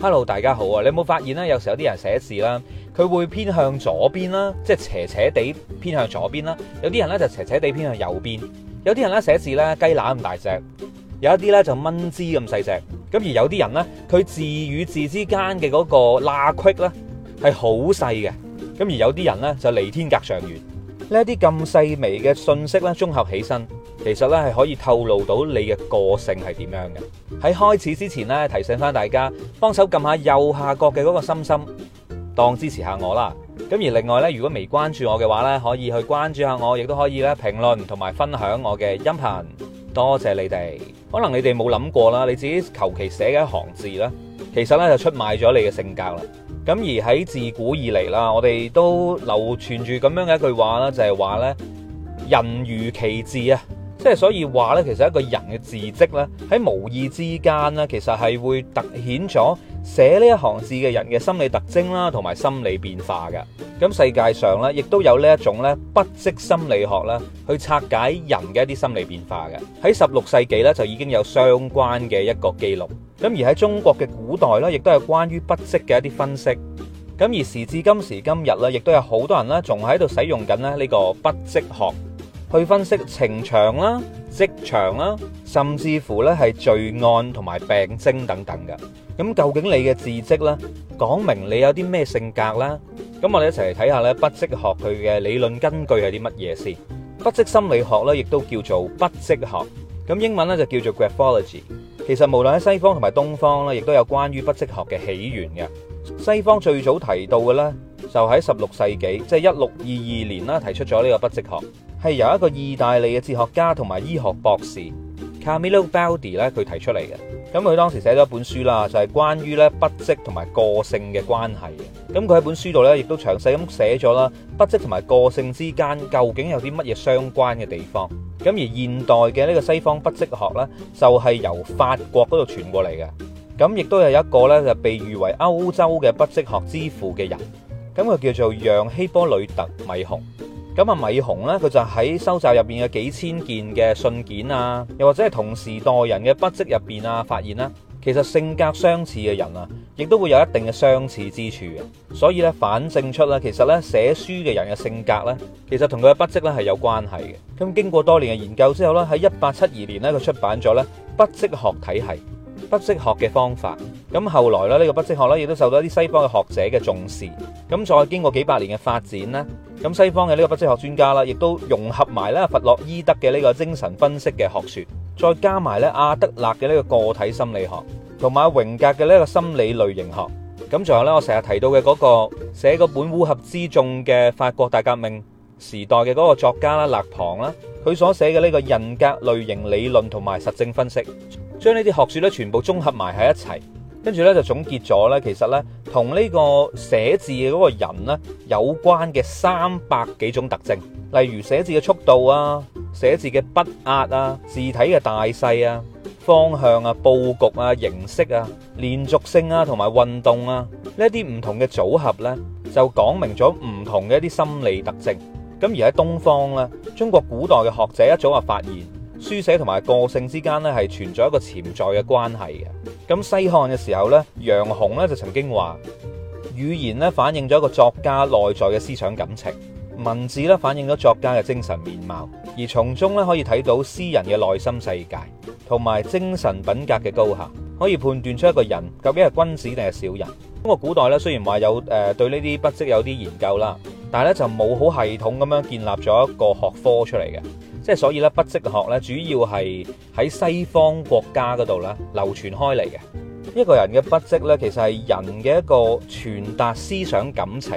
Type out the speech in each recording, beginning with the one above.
Hello，大家好啊！你有冇發現咧？有時候有啲人寫字啦，佢會偏向左邊啦，即係斜斜地偏向左邊啦。有啲人咧就斜斜地偏向右邊。有啲人咧寫字咧雞乸咁大隻，有一啲咧就蚊滋咁細隻。咁而有啲人咧，佢字與字之間嘅嗰個罅隙咧係好細嘅。咁而有啲人咧就離天隔上遠。呢一啲咁細微嘅信息咧，綜合起身。其實咧係可以透露到你嘅個性係點樣嘅。喺開始之前咧，提醒翻大家，幫手撳下右下角嘅嗰個心心，當支持下我啦。咁而另外呢，如果未關注我嘅話呢，可以去關注下我，亦都可以咧評論同埋分享我嘅音頻。多謝你哋，可能你哋冇諗過啦，你自己求其寫嘅一行字咧，其實呢就出賣咗你嘅性格啦。咁而喺自古以嚟啦，我哋都流傳住咁樣嘅一句話啦，就係話呢，人如其字啊。即係所以話咧，其實一個人嘅字迹咧，喺無意之間咧，其實係會凸顯咗寫呢一行字嘅人嘅心理特徵啦，同埋心理變化嘅。咁世界上呢，亦都有呢一種呢筆迹心理學啦，去拆解人嘅一啲心理變化嘅。喺十六世紀呢，就已經有相關嘅一個記錄。咁而喺中國嘅古代呢，亦都有關於筆迹嘅一啲分析。咁而時至今時今日呢，亦都有好多人呢，仲喺度使用緊咧呢個筆迹學去分析情場啦、職場啦，甚至乎咧係罪案同埋病徵等等嘅。咁究竟你嘅字跡咧，講明你有啲咩性格啦？咁我哋一齊嚟睇下呢筆跡學佢嘅理論根據係啲乜嘢先？筆跡心理學呢，亦都叫做筆跡學，咁英文呢，就叫做 graphology。其實無論喺西方同埋東方呢，亦都有關於筆跡學嘅起源嘅。西方最早提到嘅呢，就喺十六世紀，即係一六二二年啦，提出咗呢個筆跡學，係由一個意大利嘅哲學家同埋醫學博士 Camilo Baldi 咧佢提出嚟嘅。咁佢當時寫咗一本書啦，就係、是、關於咧筆跡同埋個性嘅關係嘅。咁佢喺本書度咧，亦都詳細咁寫咗啦筆跡同埋個性之間究竟有啲乜嘢相關嘅地方。咁而現代嘅呢個西方筆跡學咧，就係由法國嗰度傳過嚟嘅。咁亦都係有一個咧，就被譽為歐洲嘅筆跡學之父嘅人。咁佢叫做揚希波里特米雄。咁啊，米雄呢，佢就喺收集入邊嘅幾千件嘅信件啊，又或者係同時代人嘅筆跡入邊啊，發現啦，其實性格相似嘅人啊，亦都會有一定嘅相似之處嘅。所以咧，反證出啦，其實咧寫書嘅人嘅性格咧，其實同佢嘅筆跡咧係有關係嘅。咁經過多年嘅研究之後咧，喺一八七二年咧，佢出版咗咧筆跡學體系。筆跡學嘅方法，咁後來咧呢、呢個筆跡學咧亦都受到一啲西方嘅學者嘅重視，咁再經過幾百年嘅發展咧，咁西方嘅呢個筆跡學專家啦，亦都融合埋咧弗洛伊德嘅呢個精神分析嘅學說，再加埋咧阿德勒嘅呢個個體心理學，同埋阿榮格嘅呢個心理類型學，咁仲有呢，我成日提到嘅嗰個寫嗰本烏合之眾嘅法國大革命。時代嘅嗰個作家啦，勒龐啦，佢所寫嘅呢個人格類型理論同埋實證分析，將呢啲學說咧全部綜合埋喺一齊，跟住咧就總結咗咧。其實咧，同呢個寫字嘅嗰個人咧有關嘅三百幾種特徵，例如寫字嘅速度啊，寫字嘅筆壓啊，字體嘅大細啊、方向啊、佈局啊、形式啊、連續性啊同埋運動啊呢啲唔同嘅組合咧，就講明咗唔同嘅一啲心理特徵。咁而喺東方咧，中國古代嘅學者一早話發現書寫同埋個性之間咧係存在一個潛在嘅關係嘅。咁西漢嘅時候咧，楊雄咧就曾經話：語言咧反映咗一個作家內在嘅思想感情，文字咧反映咗作家嘅精神面貌，而從中咧可以睇到詩人嘅內心世界同埋精神品格嘅高下，可以判斷出一個人究竟係君子定係小人。中國古代咧雖然話有誒、呃、對呢啲筆跡有啲研究啦。但係咧，就冇好系統咁樣建立咗一個學科出嚟嘅，即係所以咧，筆跡學咧主要係喺西方國家嗰度咧流傳開嚟嘅。一個人嘅筆跡咧，其實係人嘅一個傳達思想、感情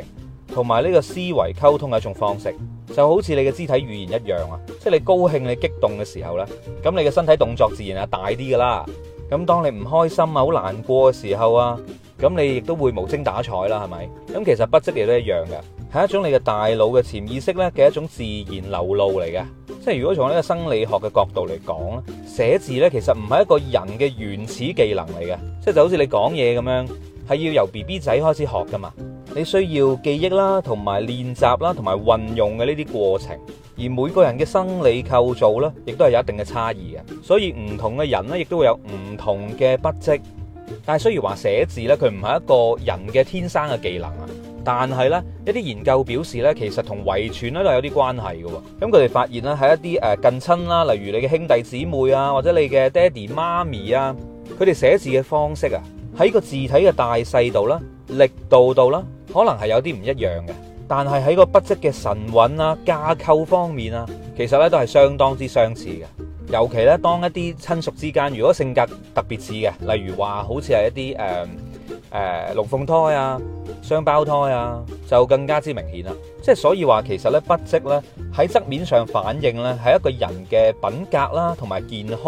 同埋呢個思維溝通嘅一種方式，就好似你嘅肢體語言一樣啊。即係你高興、你激動嘅時候咧，咁你嘅身體動作自然係大啲㗎啦。咁當你唔開心啊、好難過嘅時候啊，咁你亦都會無精打采啦，係咪？咁其實筆跡亦都一樣嘅。係一種你嘅大腦嘅潛意識呢嘅一種自然流露嚟嘅，即係如果從呢個生理學嘅角度嚟講咧，寫字呢其實唔係一個人嘅原始技能嚟嘅，即係就好似你講嘢咁樣，係要由 BB 仔開始學噶嘛，你需要記憶啦，同埋練習啦，同埋運用嘅呢啲過程，而每個人嘅生理構造呢，亦都係有一定嘅差異嘅，所以唔同嘅人呢，亦都會有唔同嘅筆跡，但係雖然話寫字呢，佢唔係一個人嘅天生嘅技能啊。但係呢，一啲研究表示呢，其實同遺傳咧都有啲關係嘅。咁佢哋發現咧，喺一啲誒近親啦，例如你嘅兄弟姊妹啊，或者你嘅爹哋媽咪啊，佢哋寫字嘅方式啊，喺個字體嘅大細度啦、力度度啦，可能係有啲唔一樣嘅。但係喺個筆跡嘅神韻啊、架構方面啊，其實呢都係相當之相似嘅。尤其呢，當一啲親屬之間如果性格特別似嘅，例如話好似係一啲誒，嗯誒、呃、龍鳳胎啊，雙胞胎啊，就更加之明顯啦。即係所以話，其實咧筆跡咧喺側面上反映咧，係一個人嘅品格啦，同埋健康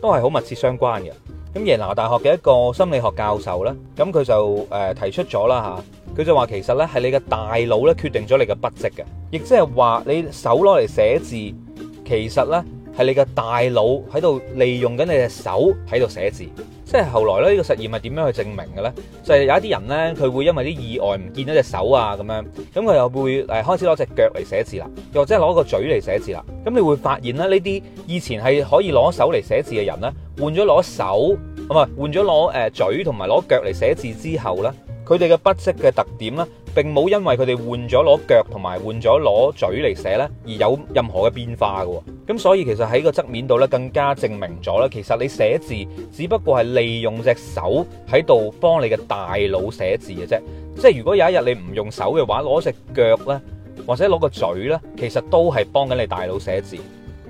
都係好密切相關嘅。咁耶拿大學嘅一個心理學教授呢，咁佢就誒提出咗啦嚇，佢就話其實咧係你嘅大腦咧決定咗你嘅筆跡嘅，亦即係話你手攞嚟寫字，其實咧係你嘅大腦喺度利用緊你隻手喺度寫字。即係後來咧，呢個實驗係點樣去證明嘅咧？就係、是、有一啲人咧，佢會因為啲意外唔見咗隻手啊，咁樣，咁佢又會誒開始攞隻腳嚟寫字啦，又或者攞個嘴嚟寫字啦。咁你會發現咧，呢啲以前係可以攞手嚟寫字嘅人咧，換咗攞手，唔係，換咗攞誒嘴同埋攞腳嚟寫字之後咧，佢哋嘅筆跡嘅特點咧，並冇因為佢哋換咗攞腳同埋換咗攞嘴嚟寫呢，而有任何嘅變化嘅。咁所以其實喺個側面度呢，更加證明咗呢。其實你寫字只不過係利用隻手喺度幫你嘅大腦寫字嘅啫。即係如果有一日你唔用手嘅話，攞隻腳呢，或者攞個嘴呢，其實都係幫緊你大腦寫字。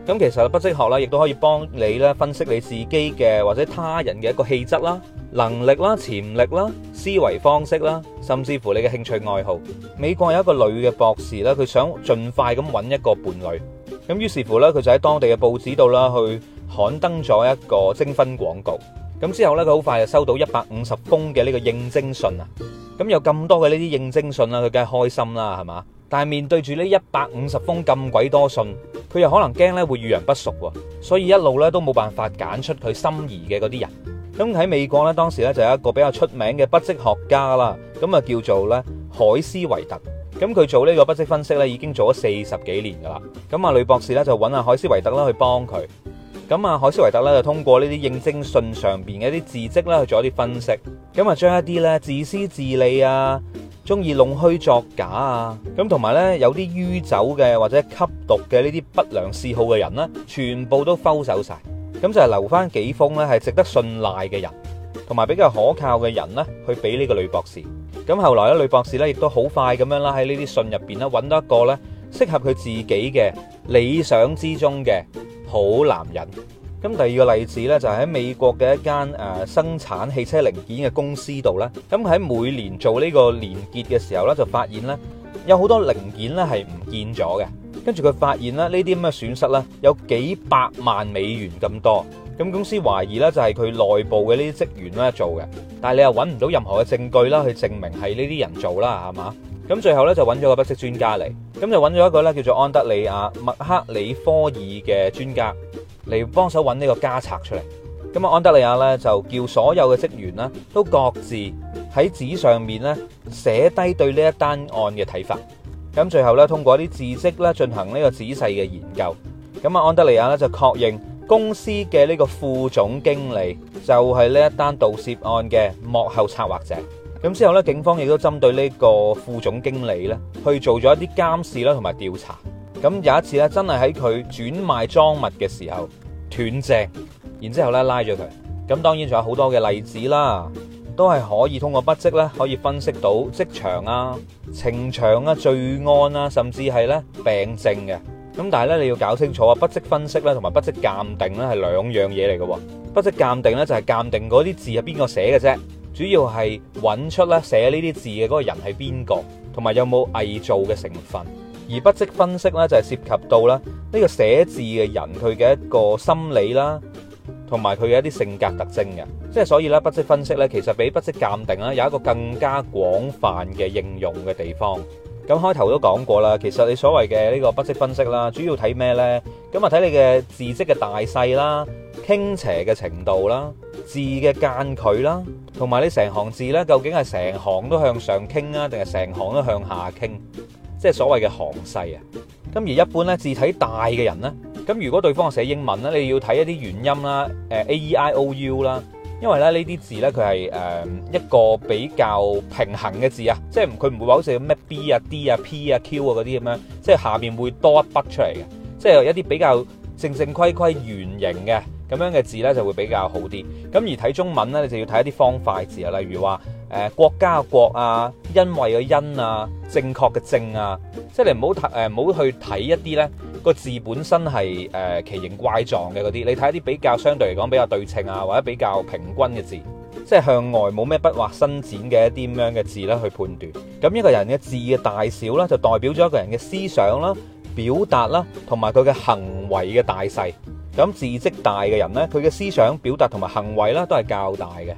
咁其實筆跡學啦，亦都可以幫你呢分析你自己嘅或者他人嘅一個氣質啦、能力啦、潛力啦、思維方式啦，甚至乎你嘅興趣愛好。美國有一個女嘅博士啦，佢想盡快咁揾一個伴侶。咁於是乎呢，佢就喺當地嘅報紙度啦，去刊登咗一個徵婚廣告。咁之後呢，佢好快就收到一百五十封嘅呢個應徵信啊。咁有咁多嘅呢啲應徵信啦，佢梗係開心啦，係嘛？但係面對住呢一百五十封咁鬼多信，佢又可能驚呢會遇人不淑喎，所以一路呢都冇辦法揀出佢心儀嘅嗰啲人。咁喺美國咧，當時咧就有一個比較出名嘅筆跡學家啦，咁啊叫做咧海斯維特，咁佢做呢個筆跡分析咧已經做咗四十幾年噶啦，咁啊雷博士咧就揾阿海斯維特啦去幫佢，咁啊海斯維特咧就通過呢啲應徵信上邊嘅一啲字跡咧去做一啲分析，咁啊將一啲咧自私自利啊，中意弄虛作假啊，咁同埋咧有啲酗酒嘅或者吸毒嘅呢啲不良嗜好嘅人咧，全部都收手晒。咁就係留翻幾封咧，係值得信賴嘅人，同埋比較可靠嘅人咧，去俾呢個女博士。咁後來咧，女博士咧亦都好快咁樣啦，喺呢啲信入邊咧，揾到一個咧適合佢自己嘅理想之中嘅好男人。咁第二個例子咧，就係喺美國嘅一間誒生產汽車零件嘅公司度咧，咁喺每年做呢個年結嘅時候咧，就發現咧有好多零件咧係唔見咗嘅。跟住佢發現啦，呢啲咁嘅損失呢，有幾百萬美元咁多，咁公司懷疑呢，就係佢內部嘅呢啲職員咧做嘅，但係你又揾唔到任何嘅證據啦，去證明係呢啲人做啦，係嘛？咁最後呢，就揾咗個筆跡專家嚟，咁就揾咗一個呢，叫做安德里亞麥克里科爾嘅專家嚟幫手揾呢個家賊出嚟。咁啊，安德里亞呢，就叫所有嘅職員呢，都各自喺紙上面呢寫低對呢一單案嘅睇法。咁最後咧，通過啲字跡咧進行呢個仔細嘅研究，咁啊，安德烈亞咧就確認公司嘅呢個副總經理就係呢一單盜竊案嘅幕後策劃者。咁之後呢，警方亦都針對呢個副總經理咧去做咗一啲監視啦同埋調查。咁有一次咧，真係喺佢轉賣贓物嘅時候斷正，然之後呢拉咗佢。咁當然仲有好多嘅例子啦。都係可以通過筆跡咧，可以分析到職場啊、情場啊、罪案啊，甚至係咧病症嘅。咁但係咧，你要搞清楚啊，筆跡分析咧同埋筆跡鑑定咧係兩樣嘢嚟嘅。筆跡鑑定咧就係鑑定嗰啲字係邊個寫嘅啫，主要係揾出咧寫呢啲字嘅嗰個人係邊個，同埋有冇偽造嘅成分。而筆跡分析咧就係涉及到咧呢個寫字嘅人佢嘅一個心理啦。同埋佢嘅一啲性格特徵嘅，即係所以咧筆跡分析咧，其實比筆跡鑑定啦有一個更加廣泛嘅應用嘅地方。咁開頭都講過啦，其實你所謂嘅呢個筆跡分析啦，主要睇咩呢？咁啊睇你嘅字跡嘅大細啦、傾斜嘅程度啦、字嘅間距啦，同埋你成行字咧，究竟係成行都向上傾啊，定係成行都向下傾？即係所謂嘅行勢啊！咁而一般咧字體大嘅人咧，咁如果對方寫英文咧，你要睇一啲元音啦，誒 A E I O U 啦，因為咧呢啲字咧佢係誒一個比較平衡嘅字啊，即係佢唔會話好似咩 B 啊 D 啊 P 啊 Q 啊嗰啲咁樣，即係下面會多一筆出嚟嘅，即係有一啲比較正正規規圓形嘅咁樣嘅字咧就會比較好啲。咁而睇中文咧，你就要睇一啲方塊字啊，例如話誒、呃、國家國啊。因為嘅因啊，正確嘅正啊，即係你唔好睇，誒唔好去睇一啲呢個字本身係誒、呃、奇形怪狀嘅嗰啲，你睇一啲比較相對嚟講比較對稱啊，或者比較平均嘅字，即係向外冇咩筆畫伸展嘅一啲咁樣嘅字咧去判斷。咁一個人嘅字嘅大小咧，就代表咗一個人嘅思想啦、表達啦，同埋佢嘅行為嘅大細。咁字跡大嘅人呢，佢嘅思想表達同埋行為呢都係較大嘅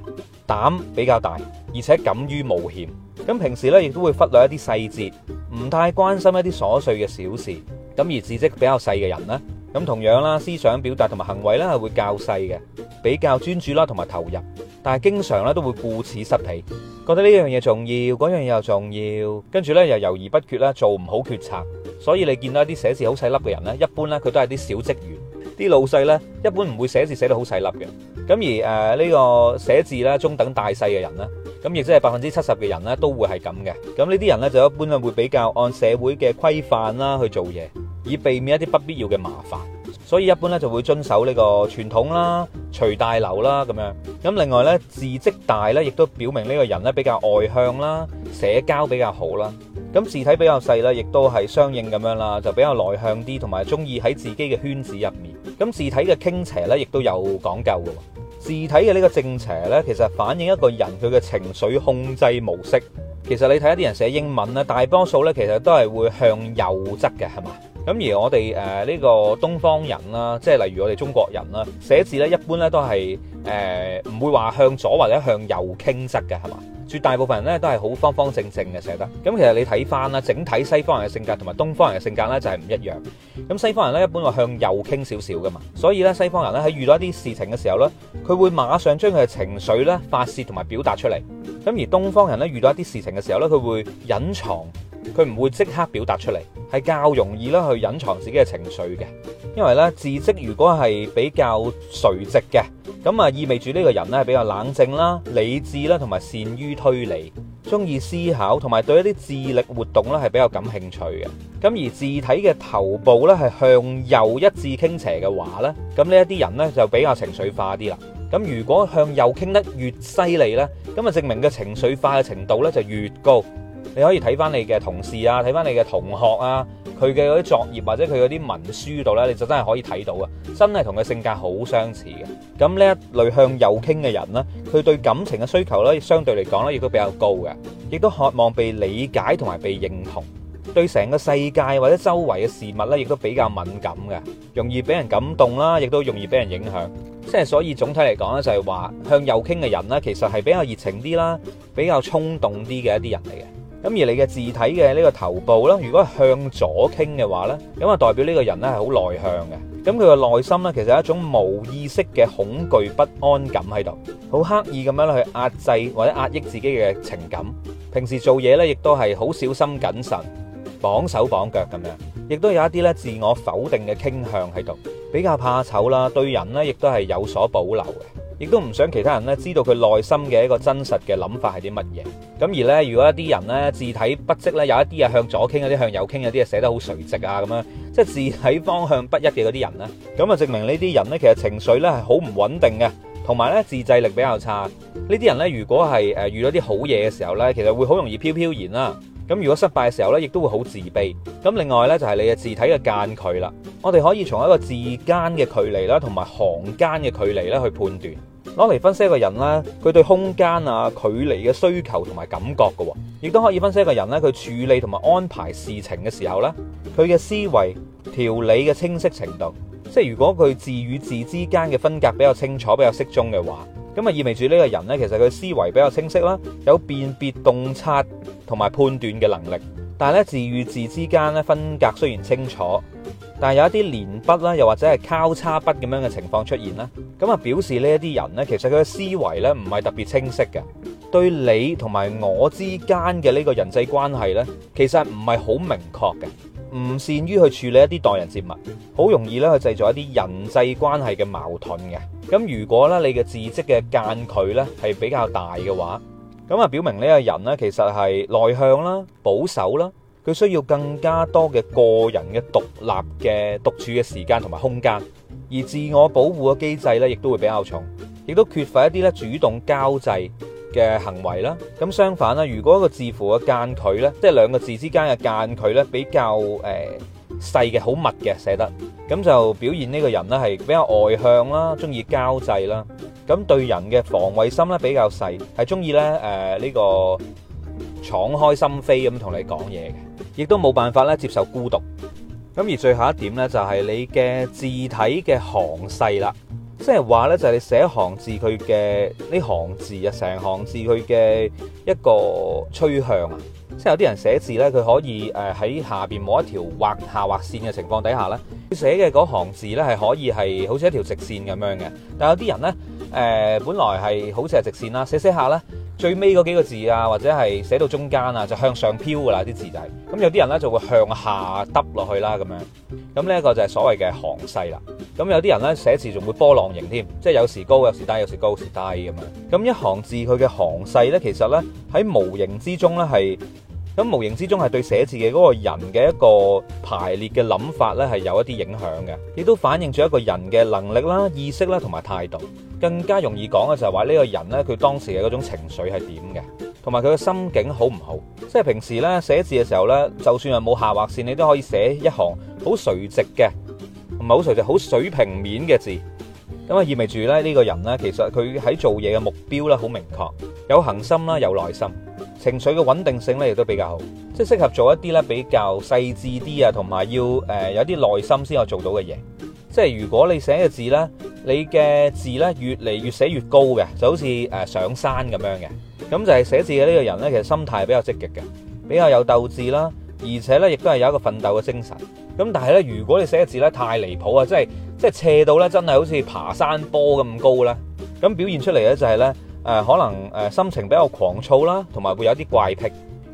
膽比較大，而且敢於冒險。咁平時呢，亦都會忽略一啲細節，唔太關心一啲瑣碎嘅小事。咁而字跡比較細嘅人呢，咁同樣啦，思想表達同埋行為呢係會較細嘅，比較專注啦同埋投入，但係經常呢，都會顧此失彼，覺得呢樣嘢重要，嗰樣嘢又重要，跟住呢，又猶豫不決啦，做唔好決策。所以你見到一啲寫字好細粒嘅人呢，一般呢，佢都係啲小職員。啲老細呢，一般唔會寫字寫得好細粒嘅。咁而誒呢個寫字啦，中等大細嘅人咧，咁亦即係百分之七十嘅人呢，都會係咁嘅。咁呢啲人呢，就一般咧會比較按社會嘅規範啦去做嘢，以避免一啲不必要嘅麻煩。所以一般呢，就會遵守呢個傳統啦、隨大流啦咁樣。咁另外呢，字跡大呢，亦都表明呢個人呢，比較外向啦、社交比較好啦。咁字體比較細啦，亦都係相應咁樣啦，就比較內向啲，同埋中意喺自己嘅圈子入面。咁字體嘅傾斜呢，亦都有講究喎。字體嘅呢個正斜呢，其實反映一個人佢嘅情緒控制模式。其實你睇一啲人寫英文咧，大多數咧其實都係會向右側嘅，係嘛？咁而我哋誒呢個東方人啦，即係例如我哋中國人啦，寫字咧一般咧都係誒唔會話向左或者向右傾側嘅，係嘛？絕大部分人咧都係好方方正正嘅寫得。咁其實你睇返啦，整體西方人嘅性格同埋東方人嘅性格咧就係唔一樣。咁西方人咧一般話向右傾少少噶嘛，所以咧西方人咧喺遇到一啲事情嘅時候咧，佢會馬上將佢嘅情緒咧發洩同埋表達出嚟。咁而東方人咧遇到一啲事情嘅時候咧，佢會隱藏，佢唔會即刻表達出嚟，係較容易啦去隱藏自己嘅情緒嘅。因為呢，字跡如果係比較垂直嘅，咁啊意味住呢個人呢係比較冷靜啦、理智啦，同埋善於推理，中意思考，同埋對一啲智力活動呢係比較感興趣嘅。咁而字體嘅頭部呢，係向右一字傾斜嘅話呢，咁呢一啲人呢就比較情緒化啲啦。咁如果向右傾得越犀利呢，咁啊證明嘅情緒化嘅程度呢就越高。你可以睇返你嘅同事啊，睇返你嘅同學啊，佢嘅嗰啲作業或者佢嗰啲文書度呢，你就真係可以睇到啊，真係同佢性格好相似嘅。咁呢一類向右傾嘅人呢，佢對感情嘅需求呢，相對嚟講呢，亦都比較高嘅，亦都渴望被理解同埋被認同。對成個世界或者周圍嘅事物咧，亦都比較敏感嘅，容易俾人感動啦、啊，亦都容易俾人影響。即係所以，總體嚟講咧，就係話向右傾嘅人咧，其實係比較熱情啲啦，比較衝動啲嘅一啲人嚟嘅。咁而你嘅字體嘅呢個頭部啦，如果向左傾嘅話咧，咁啊代表呢個人咧係好內向嘅。咁佢嘅內心咧，其實係一種無意識嘅恐懼不安感喺度，好刻意咁樣去壓制或者壓抑自己嘅情感。平時做嘢咧，亦都係好小心謹慎。綁手綁腳咁樣，亦都有一啲咧自我否定嘅傾向喺度，比較怕醜啦，對人呢亦都係有所保留嘅，亦都唔想其他人咧知道佢內心嘅一個真實嘅諗法係啲乜嘢。咁而呢，如果一啲人呢，字體筆跡呢有一啲係向左傾，有啲向右傾，有啲係寫得好垂直啊咁樣，即係字體方向不一嘅嗰啲人呢，咁啊證明呢啲人呢其實情緒呢係好唔穩定嘅，同埋呢自制力比較差。呢啲人呢，如果係誒遇到啲好嘢嘅時候呢，其實會好容易飄飄然啦。咁如果失敗嘅時候呢，亦都會好自卑。咁另外呢，就係你嘅字體嘅間距啦。我哋可以從一個字間嘅距離啦，同埋行間嘅距離咧去判斷，攞嚟分析一個人呢，佢對空間啊距離嘅需求同埋感覺㗎喎，亦都可以分析一個人呢，佢處理同埋安排事情嘅時候呢，佢嘅思維條理嘅清晰程度。即係如果佢字與字之間嘅分隔比較清楚、比較適中嘅話。咁啊，意味住呢個人呢，其實佢思維比較清晰啦，有辨別、洞察同埋判斷嘅能力。但係呢，字與字之間呢，分隔雖然清楚，但係有一啲連筆啦，又或者係交叉筆咁樣嘅情況出現啦。咁啊，表示呢一啲人呢，其實佢嘅思維呢，唔係特別清晰嘅，對你同埋我之間嘅呢個人際關係呢，其實唔係好明確嘅。唔善於去處理一啲待人接物，好容易咧去製造一啲人際關係嘅矛盾嘅。咁如果咧你嘅字跡嘅間距咧係比較大嘅話，咁啊表明呢個人咧其實係內向啦、保守啦，佢需要更加多嘅個人嘅獨立嘅獨處嘅時間同埋空間，而自我保護嘅機制咧亦都會比較重，亦都缺乏一啲咧主動交際，嘅行為啦，咁相反啦，如果個字符嘅間距呢，即係兩個字之間嘅間距呢，比較誒、呃、細嘅，好密嘅寫得，咁就表現呢個人呢係比較外向啦，中意交際啦，咁對人嘅防衛心呢比較細，係中意咧誒呢個敞開心扉咁同你講嘢嘅，亦都冇辦法咧接受孤獨。咁而最後一點呢，就係、是、你嘅字體嘅行勢啦。即係話咧，就係你寫行字佢嘅呢行字啊，成行字佢嘅一個趨向啊。即係有啲人寫字咧，佢可以誒喺下邊冇一條劃下劃線嘅情況底下咧，佢寫嘅嗰行字咧係可以係好似一條直線咁樣嘅。但係有啲人咧，誒、呃、本來係好似係直線啦，寫寫下咧。最尾嗰幾個字啊，或者係寫到中間啊，就向上飄噶啦，啲字就係咁。咁有啲人呢就會向下耷落去啦咁樣。咁呢一個就係所謂嘅行勢啦。咁有啲人呢，寫字仲會波浪形添，即係有時高，有時低，有時高，有時低咁樣。咁一行字佢嘅行勢呢，其實呢喺無形之中呢，係，咁無形之中係對寫字嘅嗰個人嘅一個排列嘅諗法呢，係有一啲影響嘅，亦都反映咗一個人嘅能力啦、意識啦同埋態度。更加容易講嘅就係話呢個人呢佢當時嘅嗰種情緒係點嘅，同埋佢嘅心境好唔好？即係平時呢寫字嘅時候呢，就算係冇下劃線，你都可以寫一行好垂直嘅，唔係好垂直，好水平面嘅字。咁啊意味住呢呢個人呢，其實佢喺做嘢嘅目標呢好明確，有恒心啦，有耐心，情緒嘅穩定性呢亦都比較好，即係適合做一啲呢比較細緻啲啊，同埋要誒有啲耐心先可以做到嘅嘢。即係如果你寫嘅字呢，你嘅字呢越嚟越寫越高嘅，就好似誒上山咁樣嘅。咁就係寫字嘅呢個人呢，其實心態比較積極嘅，比較有鬥志啦，而且呢亦都係有一個奮鬥嘅精神。咁但係呢，如果你寫嘅字呢太離譜啊，即係即係斜到呢真係好似爬山坡咁高呢。咁表現出嚟呢就係呢，誒可能誒心情比較狂躁啦，同埋會有啲怪癖。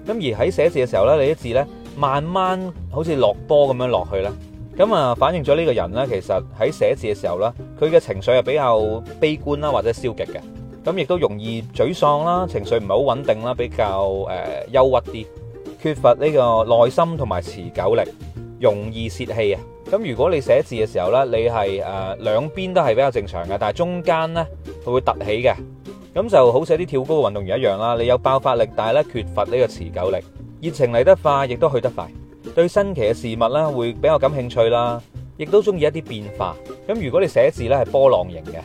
咁而喺寫字嘅時候呢，你啲字呢慢慢好似落波咁樣落去呢。咁啊，反映咗呢個人呢，其實喺寫字嘅時候呢，佢嘅情緒係比較悲觀啦，或者消極嘅。咁亦都容易沮喪啦，情緒唔係好穩定啦，比較誒憂鬱啲，缺乏呢個耐心同埋持久力，容易泄氣啊。咁如果你寫字嘅時候呢，你係誒兩邊都係比較正常嘅，但係中間呢佢會突起嘅，咁就好似啲跳高嘅運動員一樣啦。你有爆發力，但係呢缺乏呢個持久力，熱情嚟得快，亦都去得快。對新奇嘅事物啦，會比較感興趣啦，亦都中意一啲變化。咁如果你寫字咧係波浪形嘅，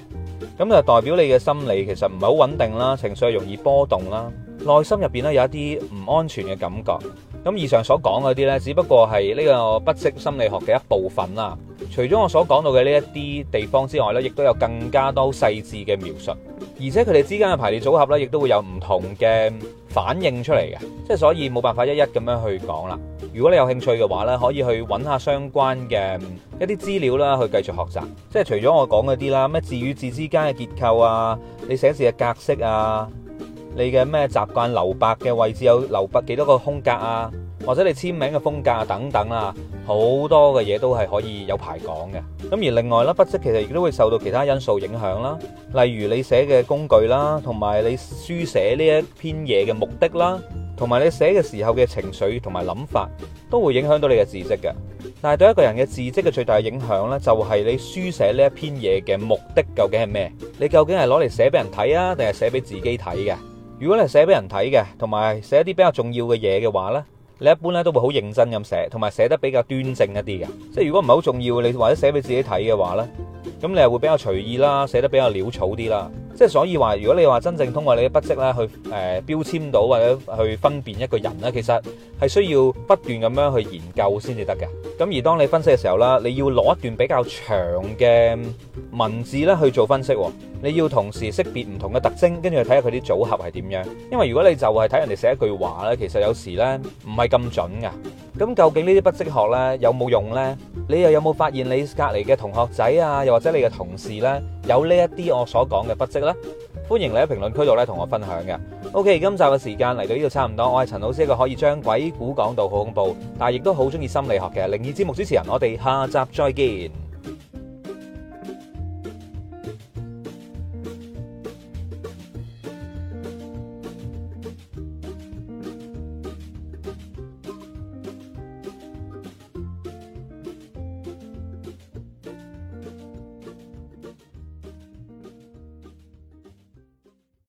咁就代表你嘅心理其實唔係好穩定啦，情緒容易波動啦，內心入邊咧有一啲唔安全嘅感覺。咁以上所講嗰啲呢，只不過係呢個筆跡心理學嘅一部分啦。除咗我所講到嘅呢一啲地方之外呢，亦都有更加多細緻嘅描述，而且佢哋之間嘅排列組合呢，亦都會有唔同嘅反應出嚟嘅。即係所以冇辦法一一咁樣去講啦。如果你有興趣嘅話呢，可以去揾下相關嘅一啲資料啦，去繼續學習。即係除咗我講嗰啲啦，咩字與字之間嘅結構啊，你寫字嘅格式啊。你嘅咩習慣留白嘅位置有留白幾多個空格啊？或者你簽名嘅風格啊，等等啊，好多嘅嘢都係可以有排講嘅。咁而另外咧，筆跡其實亦都會受到其他因素影響啦，例如你寫嘅工具啦，同埋你書寫呢一篇嘢嘅目的啦，同埋你寫嘅時候嘅情緒同埋諗法都會影響到你嘅字跡嘅。但係對一個人嘅字跡嘅最大嘅影響呢，就係你書寫呢一篇嘢嘅目的究竟係咩？你究竟係攞嚟寫俾人睇啊，定係寫俾自己睇嘅？如果你係寫俾人睇嘅，同埋寫一啲比較重要嘅嘢嘅話呢，你一般咧都會好認真咁寫，同埋寫得比較端正一啲嘅。即係如果唔係好重要，你或者寫俾自己睇嘅話呢，咁你係會比較隨意啦，寫得比較潦草啲啦。即係所以話，如果你話真正通過你嘅筆跡咧去誒標籤到或者去分辨一個人咧，其實係需要不斷咁樣去研究先至得㗎。咁而當你分析嘅時候啦，你要攞一段比較長嘅文字咧去做分析，你要同時識別唔同嘅特徵，跟住去睇下佢啲組合係點樣。因為如果你就係睇人哋寫一句話咧，其實有時咧唔係咁準㗎。咁究竟呢啲筆跡學咧有冇用咧？你又有冇發現你隔離嘅同學仔啊，又或者你嘅同事咧有呢一啲我所講嘅筆跡？歡迎你喺評論區度咧同我分享嘅。OK，今集嘅時間嚟到呢度差唔多，我係陳老師一個可以將鬼故講到好恐怖，但係亦都好中意心理學嘅靈異節目主持人，我哋下集再見。